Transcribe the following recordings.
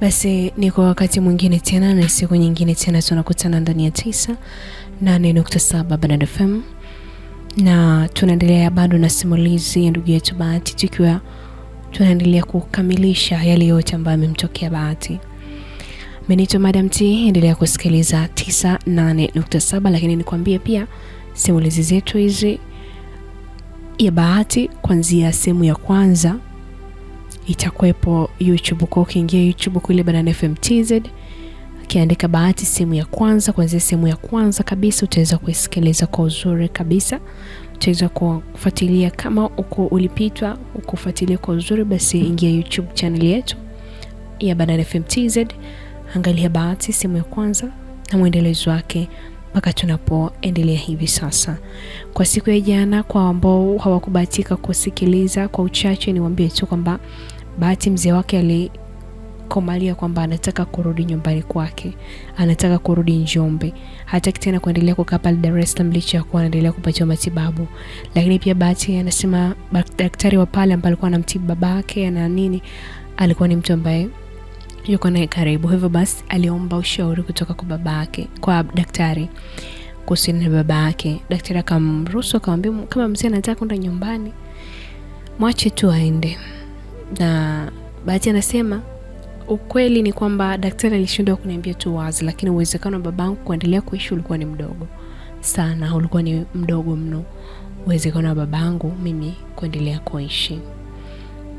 Basi ni kwa wakati mwingine tena na siku nyingine tena tunakutana ndani ya 98.7 Banana FM na tunaendelea bado na simulizi ya ndugu yetu Bahati, tukiwa tunaendelea kukamilisha yale yote ambayo amemtokea Bahati. Menito Madam T, endelea kusikiliza 98.7, lakini nikwambie pia simulizi zetu hizi ya Bahati kuanzia sehemu ya kwanza itakuwepo YouTube kwa ukiingia YouTube kule Banana FM TZ ukiandika Bahati sehemu ya kwanza, kuanzia sehemu ya kwanza kabisa utaweza kuisikiliza kwa uzuri kabisa, utaweza kufuatilia kama uko ulipitwa ukufuatilia kwa uzuri, basi ingia YouTube channel yetu ya Banana FM TZ, angalia Bahati sehemu ya kwanza na mwendelezo wake mpaka tunapoendelea hivi sasa. Kwa siku ya jana, kwa ambao hawakubahatika kusikiliza, kwa uchache niwaambie tu kwamba Bahati mzee wake alikomalia kwamba anataka kurudi nyumbani kwake, anataka kurudi Njombe, hataki tena kuendelea kukaa pale Dar es Salaam licha ya kuwa anaendelea kupatiwa matibabu. Lakini pia Bahati anasema daktari wa pale ambaye alikuwa anamtibu babake na nini alikuwa ni mtu ambaye yuko naye karibu, hivyo basi aliomba ushauri kutoka kwa babake, kwa daktari kuhusiana na babake. Daktari akamruhusu akamwambia, kama mzee anataka kwenda nyumbani mwache tu aende na Bahati anasema ukweli ni kwamba daktari alishindwa kuniambia tu wazi, lakini uwezekano wa babangu kuendelea kuishi ulikuwa ni mdogo sana, ulikuwa ni mdogo mno, uwezekano wa babangu mimi kuendelea kuishi.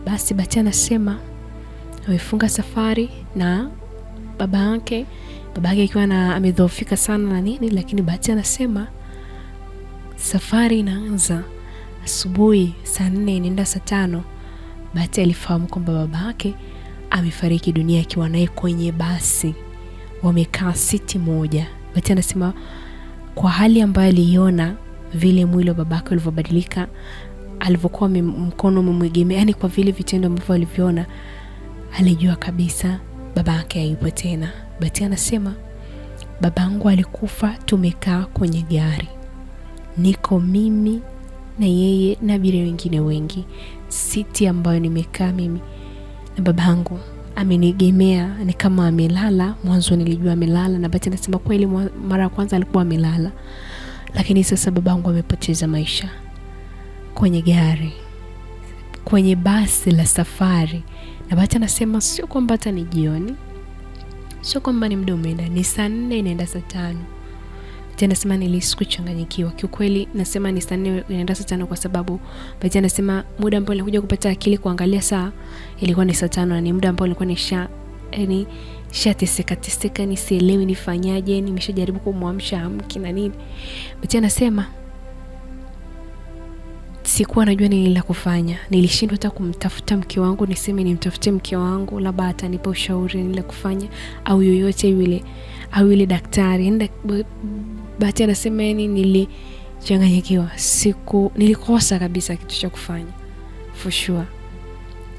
Basi Bahati anasema amefunga safari na baba yake, baba yake akiwa na amedhoofika sana na nini, lakini Bahati anasema safari inaanza asubuhi saa nne inaenda saa tano Bahati alifahamu kwamba baba yake amefariki dunia akiwa naye kwenye basi, wamekaa siti moja. Bahati anasema kwa hali ambayo aliiona vile mwili wa babake ulivyobadilika, alivyokuwa mkono umemwegemea, yani kwa vile vitendo ambavyo alivyoona, alijua kabisa baba yake hayupo tena. Bahati anasema babangu alikufa, tumekaa kwenye gari, niko mimi na yeye na abiria wengine wengi siti ambayo nimekaa mimi na babangu amenigemea ni kama amelala. Mwanzo nilijua amelala, na bahati nasema kweli, mara ya kwanza alikuwa amelala, lakini sasa babangu amepoteza maisha kwenye gari, kwenye basi la safari. Na bati anasema sio kwamba hata ni jioni, sio kwamba ni muda umeenda, ni saa nne inaenda saa tano. Tena sema nilisiku kuchanganyikiwa. Kiukweli nasema ni saa nne inaenda saa tano kwa sababu Bahati anasema muda ambao nilikuja kupata akili kuangalia saa ilikuwa ni saa tano na ni muda ambao nilikuwa nisha yani shateseka teseka, sielewi nifanyaje, nimeshajaribu kumwamsha amki na nini. Bahati anasema sikuwa najua nini la kufanya, nilishindwa hata kumtafuta mke wangu, niseme nimtafute mke wangu, labda atanipa ushauri nini kufanya, au yoyote yule, au yule daktari yaani, Bahati anasema yani, nilichanganyikiwa, siku nilikosa kabisa kitu cha kufanya for sure.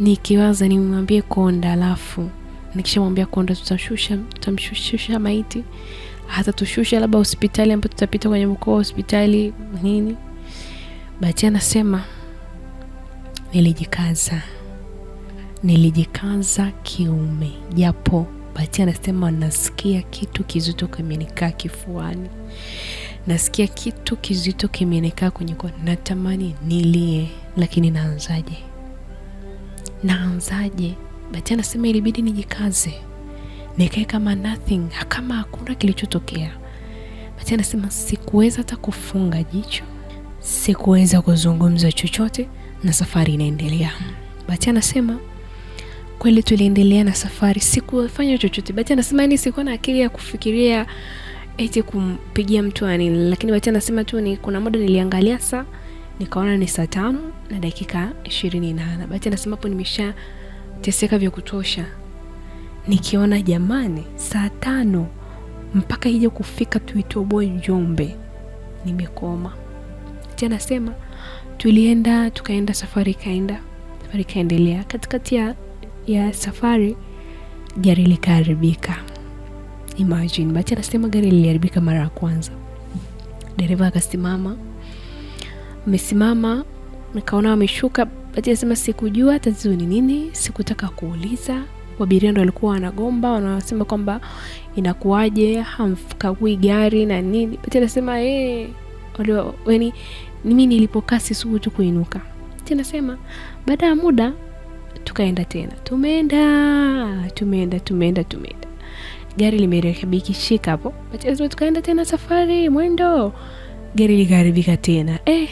Nikiwaza nimwambie Konda, alafu nikishamwambia Konda tutashusha, tutamshusha maiti, hata tushusha labda hospitali ambapo tutapita kwenye mkoa wa hospitali nini. Bahati anasema nilijikaza, nilijikaza kiume japo Bahati anasema nasikia kitu kizito kimenikaa kifuani, nasikia kitu kizito kimenikaa kwenye kwa natamani nilie, lakini naanzaje? Naanzaje? bati anasema ilibidi nijikaze, nikae kama nothing, kama hakuna kilichotokea. bati anasema sikuweza hata kufunga jicho, sikuweza kuzungumza chochote, na safari inaendelea. bati anasema Kweli tuliendelea na safari, sikufanya chochote. bati anasema ni yaani sikuwa na akili ya kufikiria eti kumpigia mtu anini, lakini bati anasema tu ni kuna muda niliangalia saa nikaona ni saa tano na dakika ishirini na nane. bati anasema hapo nimeshateseka vya kutosha, nikiona jamani, saa tano mpaka ije kufika tuitoboe Njombe nimekoma. bati anasema tulienda tukaenda, safari ikaenda, safari ikaendelea katikati ya ya safari gari likaharibika. Imagine, Bahati anasema gari liliharibika mara ya kwanza. Dereva akasimama, amesimama nikaona wameshuka. Bahati anasema sikujua tatizo ni nini, sikutaka kuuliza. wabiria ndo walikuwa wanagomba, wanasema kwamba inakuwaje hamkagui gari na nini. bati anasema eh, yaani mimi nilipokaa tu kuinuka. Bahati anasema baada ya muda tukaenda tena, tumeenda tumeenda tumeenda tumeenda, gari limerekebikishika hapo, lazima tukaenda tena safari mwendo, gari likaharibika tena eh.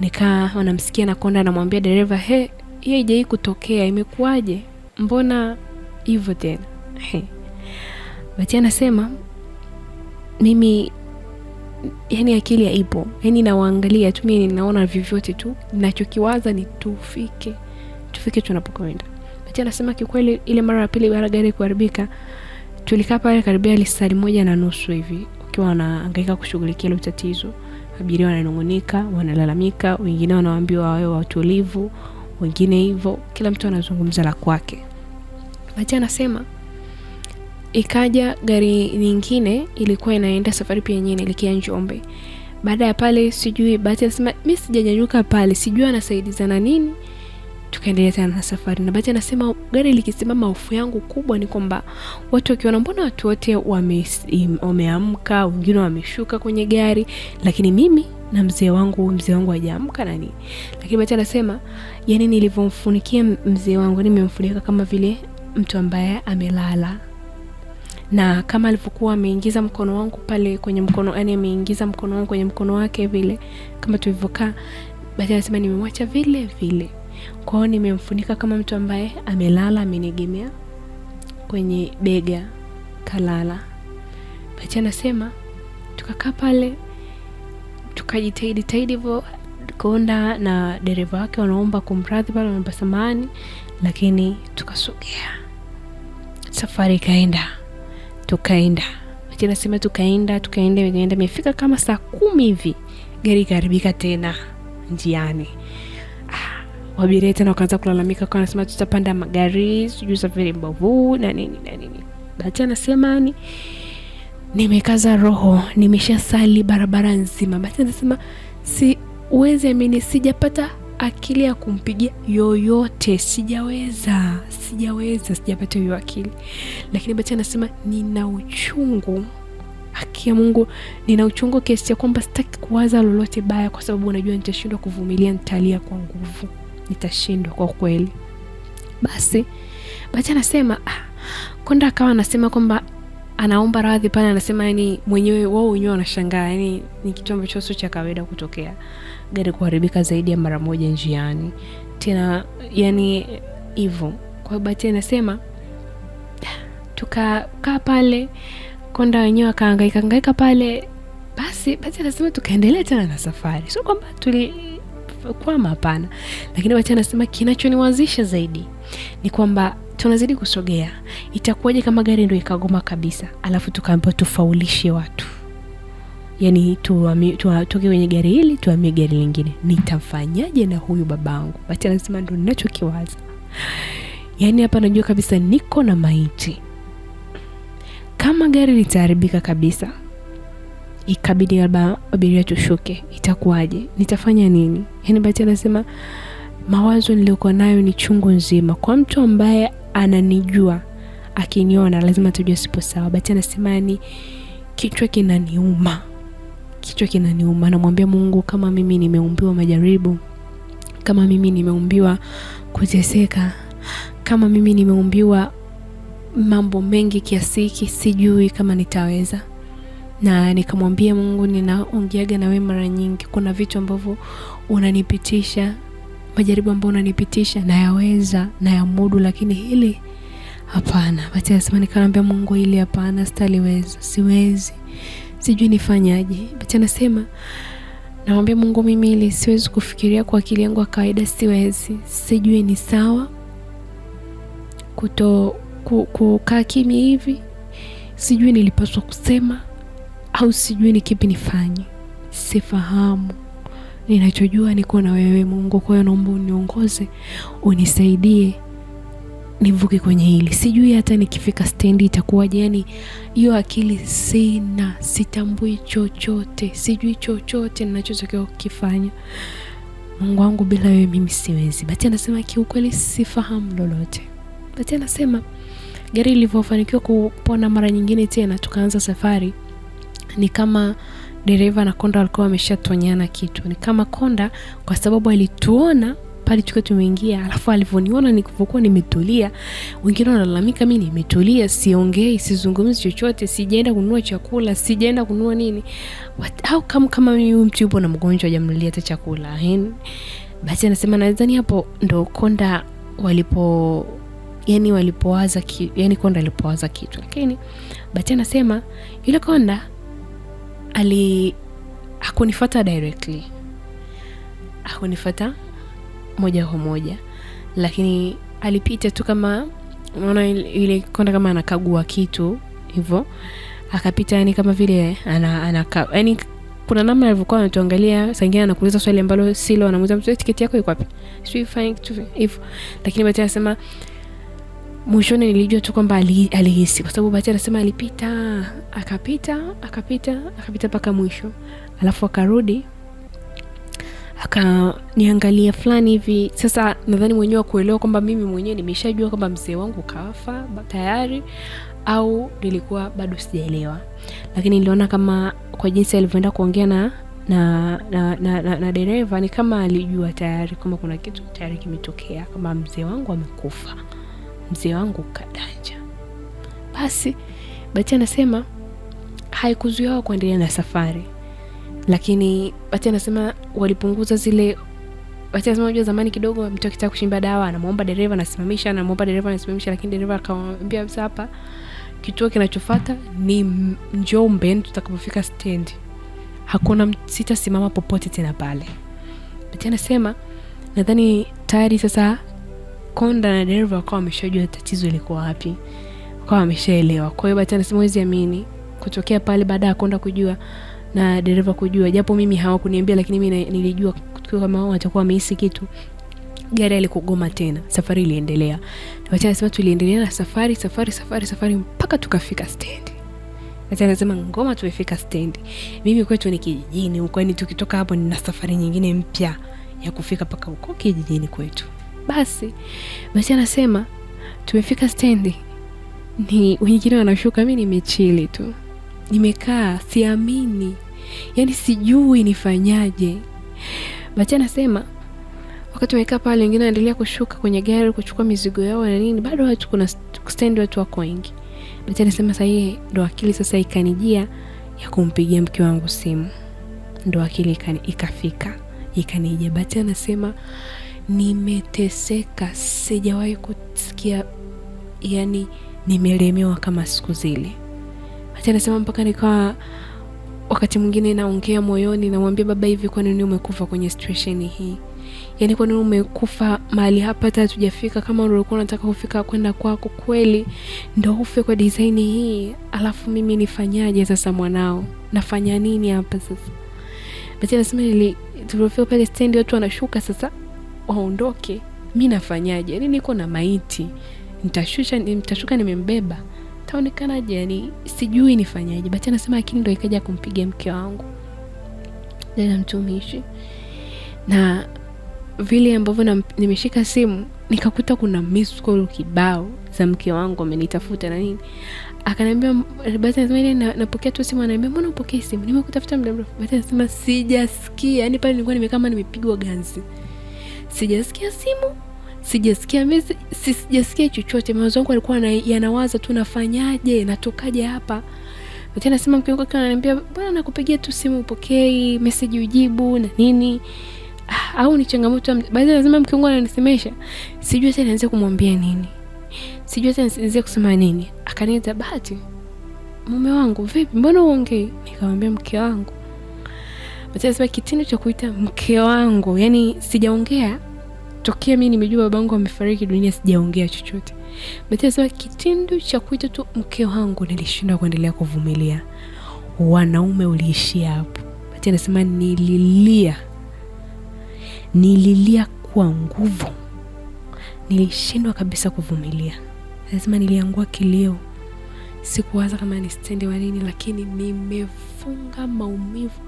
Nikawa namsikia nakonda, anamwambia dereva, he, hiyo haijai kutokea, imekuwaje? Mbona hivyo tena? He, Bahati anasema mimi yani akili haipo, yani nawaangalia tu mimi, ninaona vyovyote tu ninachokiwaza ni tufike tufike tunapokwenda. Betty anasema kiukweli, ile mara ya pili baada gari kuharibika tulikaa pale karibia lisali moja na nusu hivi, ukiwa wanahangaika kushughulikia ile tatizo. Abiria wananungunika, wanalalamika, wengine wanaambiwa wawe watulivu, wengine hivyo, kila mtu anazungumza la kwake. Betty anasema ikaja gari nyingine ilikuwa inaenda safari pia yenyewe inaelekea Njombe. Baada ya pale sijui Bahati anasema mimi sijanyanyuka pale, sijui anasaidizana nini tukaendelea tena na safari. Na bahati anasema gari likisimama, hofu yangu kubwa ni kwamba watu wakiona, mbona watu wote wameamka, wame wengine wameshuka kwenye gari, lakini mimi na mzee wangu, mzee wangu hajaamka nani. Lakini bahati anasema yani, nilivyomfunikia mzee wangu, nimemfunika kama vile mtu ambaye amelala na kama alivyokuwa ameingiza mkono wangu pale kwenye mkono, yani ameingiza mkono wangu kwenye mkono wake vile, kama tulivyokaa. Bahati anasema nimemwacha vile vile kwa hiyo nimemfunika kama mtu ambaye amelala, amenegemea kwenye bega kalala. Pacha anasema tukakaa pale tukajitahidi tahidi hivyo Konda na dereva wake wanaomba kumradhi pale, wanaomba samani lakini tukasogea. Safari ikaenda, tukaenda Pacha anasema tukaenda tukaenda, imefika kama saa kumi hivi gari ikaharibika tena njiani. Wabiria tena wakaanza kulalamika, kwa anasema tutapanda magari, sijui safari mbovu na nini na nini. Bahati anasema ni nimekaza roho, nimeshasali barabara nzima. Bahati anasema siwezi amini, sijapata akili ya kumpigia yoyote, sijaweza, sijaweza, sijapata hiyo akili. Lakini Bahati anasema nina uchungu haki ya Mungu, nina uchungu kiasi cha kwamba sitaki kuwaza lolote baya, kwa sababu unajua nitashindwa kuvumilia, ntalia kwa nguvu nitashindwa kwa kweli. Basi Bacha anasema ah, Konda akawa anasema kwamba anaomba radhi pale, anasema yani mwenyewe wao wenyewe wanashangaa, yani ni kitu ambacho sio cha kawaida kutokea, gari kuharibika zaidi ya mara moja njiani tena, yani hivyo. Kwa hiyo Bahati anasema tukakaa pale, Konda wenyewe akahangaika hangaika pale. Basi Bahati anasema tukaendelea tena na safari, sio kwamba tuli kukwama, hapana. Lakini Bahati anasema kinachoniwazisha zaidi ni kwamba tunazidi kusogea, itakuwaje kama gari ndio ikagoma kabisa, alafu tukaambiwa tufaulishe watu, yani tutoke kwenye gari hili tuamie gari lingine, nitafanyaje na huyu babangu? Bahati anasema ndo ninachokiwaza, yani hapa najua kabisa niko na maiti. Kama gari litaharibika kabisa ikabidi labda abiria tushuke, itakuwaje? Nitafanya nini? yani bati anasema mawazo niliyokuwa nayo ni chungu nzima. Kwa mtu ambaye ananijua akiniona lazima atajua sipo sawa. bati anasema yani, kichwa kinaniuma, kichwa kinaniuma. Namwambia Mungu, kama mimi nimeumbiwa majaribu, kama mimi nimeumbiwa kuteseka, kama mimi nimeumbiwa mambo mengi kiasi hiki, sijui kama nitaweza na nikamwambia Mungu, ninaongeaga na wewe mara nyingi, kuna vitu ambavyo unanipitisha, majaribu ambayo unanipitisha nayaweza, nayamudu, lakini hili hapana. Basi nasema, nikamwambia Mungu, ili hapana, sitaliweza, siwezi, sijui nifanyaje. Basi anasema namwambia Mungu, mimi ili siwezi kufikiria kwa akili yangu ya kawaida, siwezi, sijui ni sawa kuto kukaa kimi hivi, sijui nilipaswa kusema au sijui ni kipi nifanye, sifahamu. Ninachojua niko na wewe Mungu, kwa hiyo naomba uniongoze, unisaidie nivuke kwenye hili. Sijui hata nikifika stendi itakuwaje. Yani hiyo akili sina, sitambui chochote, sijui chochote ninachotakiwa kukifanya. Mungu wangu, bila wewe mimi siwezi. Bati anasema kiukweli sifahamu lolote. Bati anasema gari lilivyofanikiwa kupona mara nyingine tena, tukaanza safari ni kama dereva na konda walikuwa wameshatonyana kitu, ni kama konda kwa sababu alituona pale tukiwa tumeingia, alafu alivyoniona nilivyokuwa nimetulia, wengine wanalalamika, mi nimetulia, siongei, sizungumzi chochote, sijaenda kununua chakula, sijaenda kununua nini. au kama kama mimi mtu yupo na mgonjwa hajamnunulia hata chakula? Hen, yaani, basi anasema nadhani hapo ndo konda walipo yani walipowaza ki, yani konda alipowaza kitu, lakini bati anasema yule konda ali hakunifata directly, hakunifata moja kwa moja, lakini alipita tu kama unaona ile konda kama anakagua kitu hivyo, akapita yani kama vile ana, ana, yani kuna namna alivyokuwa anatuangalia, sangine anakuuliza swali ambalo silo, anamuuliza mtu tiketi yako iko wapi, sijui kitu hivyo, lakini baadaye anasema Mwishoni nilijua tu kwamba alihisi, kwa sababu Bahati anasema alipita akapita akapita akapita mpaka mwisho, alafu akarudi akaniangalia fulani hivi. Sasa nadhani mwenyewe wakuelewa kwamba mimi mwenyewe nimeshajua kwamba mzee wangu kafa tayari au nilikuwa bado sijaelewa, lakini niliona kama kwa jinsi alivyoenda kuongea na na na, na, na, na dereva ni kama alijua tayari kama kuna kitu tayari kimetokea, kama mzee wangu amekufa mzee wangu Kadanja. Basi bati anasema haikuzuia wao kuendelea na safari, lakini bati anasema walipunguza zile Bahati anasema unajua, zamani kidogo mtu akitaka kushimba dawa anamwomba dereva anasimamisha, anamwomba dereva anasimamisha, lakini dereva akamwambia sasa, hapa kituo kinachofuata ni Njombe, tutakapofika stendi hakuna sitasimama popote tena pale. bati anasema nadhani tayari sasa konda na dereva wakawa wameshajua tatizo liko wapi, wakawa wameshaelewa. Kwa hiyo Bahati anasema wezi amini kutokea pale, baada ya konda kujua na dereva kujua, japo mimi hawakuniambia, lakini mimi nilijua kama wao watakuwa wamehisi kitu. Gari alikugoma tena, safari iliendelea. Bahati anasema tuliendelea na safari safari safari safari mpaka tukafika stendi. Bahati anasema Ngoma tumefika stendi. Mimi kwetu ni kijijini huko, yani tukitoka hapo nina safari nyingine mpya ya kufika mpaka huko kijijini kwetu basi basi, anasema tumefika stendi, ni wengine wanashuka, mi nimechili tu, nimekaa siamini, yani sijui nifanyaje. Basi anasema wakati umekaa pale, wengine wanaendelea kushuka kwenye gari kuchukua mizigo yao na nini, bado watu kuna stand watu wako wengi. Basi anasema sasa, ndo akili sasa ikanijia ya kumpigia mke wangu simu, ndo akili ikafika ikanija. Basi anasema nimeteseka, sijawahi kusikia yani nimelemewa kama siku zile. Hata nasema mpaka nikawa wakati mwingine naongea moyoni, namwambia baba, hivi kwa nini umekufa kwenye situation hii? Yaani kwa nini umekufa mahali hapa hata hatujafika kama ulikuwa unataka kufika kwenda kwako? Kweli ndo ufe kwa design hii? Alafu mimi nifanyaje sasa, mwanao, nafanya nini hapa sasa? Basi nasema nili, pale stendi, watu wanashuka sasa waondoke, mi nafanyaje? Yani niko na maiti, nitashusha nitashuka, nimembeba taonekanaje? Yani sijui nifanyaje. Bahati anasema, lakini ndo ikaja kumpiga mke wangu jana, mtumishi na vile ambavyo nimeshika simu nikakuta kuna miss call kibao za mke wangu amenitafuta na nini, akanambia basi, anasema ile napokea tu simu, ananiambia mbona upokee simu, nimekutafuta muda mrefu. Basi anasema sijasikia, yani pale nilikuwa nimekaa kama nimepigwa ganzi sijasikia simu, sijasikia message, sijasikia chochote. Mawazo yangu alikuwa yanawaza tu nafanyaje, natokaje hapa. Tena nasema mke wangu akiwa ananiambia bwana, nakupigia tu simu upokei, message ujibu na nini ah, au ni changamoto baadhi. Lazima mke wangu ananisemesha, sijui hata nianze kumwambia nini, sijui hata nianze kusema nini. Akaniita Bahati, mume wangu, vipi, mbona uongei? Nikamwambia mke wangu Matazama, kitendo cha kuita mke wangu, yani sijaongea tokea mimi nimejua babangu amefariki dunia, sijaongea chochote. Matazama, kitendo cha kuita tu mke wangu nilishindwa kuendelea kuvumilia. Wanaume uliishia hapo. Mati anasema nililia, nililia kwa nguvu, nilishindwa kabisa kuvumilia. Anasema niliangua kilio sikuwaza kama ni stendi wa nini, lakini nimefunga maumivu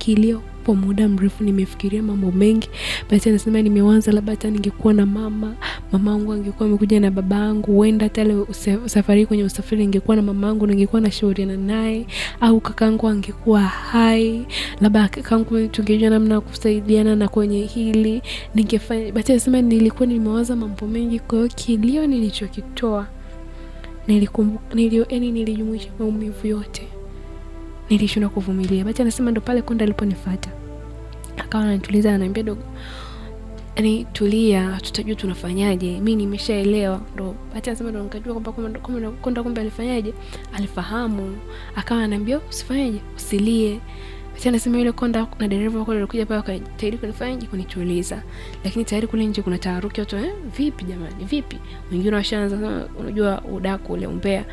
kilio kwa muda mrefu nimefikiria mambo mengi. Basi anasema nimewaza, labda hata ningekuwa na mama mama angu angekuwa amekuja na babangu, huenda hata leo safari kwenye usafiri ningekuwa na ningekuwa na ningekuwa nashauriana naye, au kakangu angekuwa hai, labda kakangu tungejua namna ya kusaidiana na kwenye hili ningefanya. Basi anasema nilikuwa nimewaza mambo mengi, kwa hiyo kilio nilichokitoa nilikumbuka, nilio yani nilijumuisha maumivu yote nilishindwa kuvumilia. Bati anasema ndo pale konda aliponifuata akawa ananituliza, ananiambia dogo, yani tulia, tutajua tunafanyaje, mimi nimeshaelewa. Ndo Bati anasema ndo nikajua kwamba konda kumbe alifanyaje, alifahamu, akawa ananiambia usifanyaje, usilie sasa nasema yule konda na dereva wako alikuja pale akajitahidi kunifanya nje kunichuliza. Lakini tayari kule nje kuna taharuki watu eh, vipi jamani? Vipi? Wengine washaanza unajua udaku ule umbea.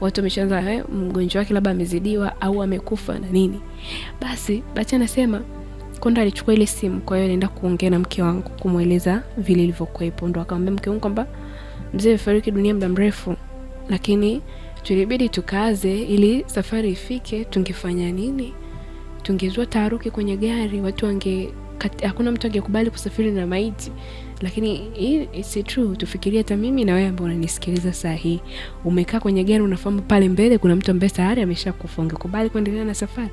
Watu wameshaanza eh, mgonjwa wake labda amezidiwa au amekufa na nini. Basi Bacha anasema Konda alichukua ile simu, kwa hiyo alienda kuongea na mke wangu kumweleza vile ilivyokuwepo, ndo akamwambia mke wangu kwamba mzee amefariki dunia muda mrefu, lakini tulibidi tukaze ili safari ifike, tungefanya nini? tungezua taharuki kwenye gari, watu wange hakuna mtu angekubali kusafiri na maiti. Lakini it's true, tufikirie hata mimi na wewe ambao unanisikiliza saa hii, umekaa kwenye gari, unafahamu pale mbele kuna mtu ambaye tayari ameshakufa, ungekubali kuendelea na safari?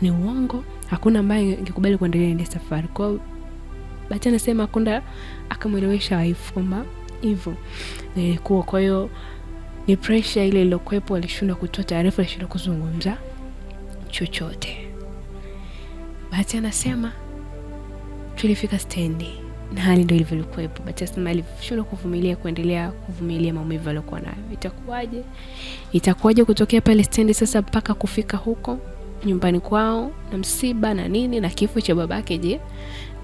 Ni uongo, hakuna ambaye angekubali kuendelea na safari. Kwa hiyo anasema kunda akamwelewesha wife kwamba hivyo nilikuwa, kwa hiyo ni pressure ile iliyokuwepo, alishindwa kutoa taarifa, alishindwa kuzungumza chochote. Bahati anasema tulifika stendi na hali ndio ilivyokuwepo. Bahati anasema alishindwa kuvumilia, kuendelea kuvumilia maumivu aliyokuwa nayo. Itakuwaje, itakuwaje kutokea pale stendi sasa mpaka kufika huko nyumbani kwao na msiba na nini na kifo cha babake. Je,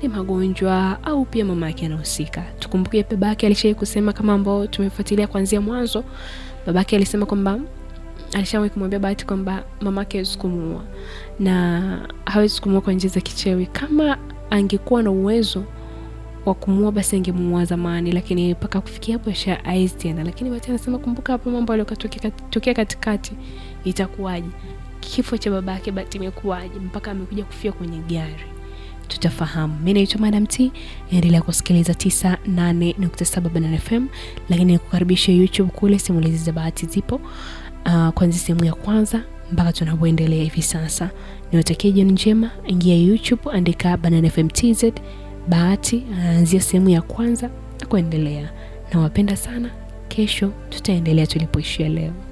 ni magonjwa au pia mama yake anahusika? Tukumbuke babake alishai kusema kama ambao tumefuatilia kuanzia mwanzo, babake alisema kwamba alishawahi kumwambia Bahati kwamba mamake hawezi kumuua na hawezi kumuua kwa njia za kichewi. Kama angekuwa na uwezo wa kumuua basi angemuua zamani, lakini mpaka kufikia hapo sha haiwezi tena. Lakini Bahati anasema kumbuka, hapo mambo yaliyotokea katikati, itakuwaje? Kifo cha baba yake Bahati imekuwaje mpaka amekuja kufia kwenye gari? Tutafahamu. mi naitwa Madam T, endelea kusikiliza 98.7 Banana FM, lakini nikukaribisha YouTube kule simulizi za Bahati zipo uh, kuanzia sehemu ya kwanza mpaka tunapoendelea hivi sasa. Niwatakie jioni njema, ingia YouTube, andika Banana FM TZ Bahati, anaanzia sehemu ya kwanza na kuendelea. Nawapenda sana, kesho tutaendelea tulipoishia leo.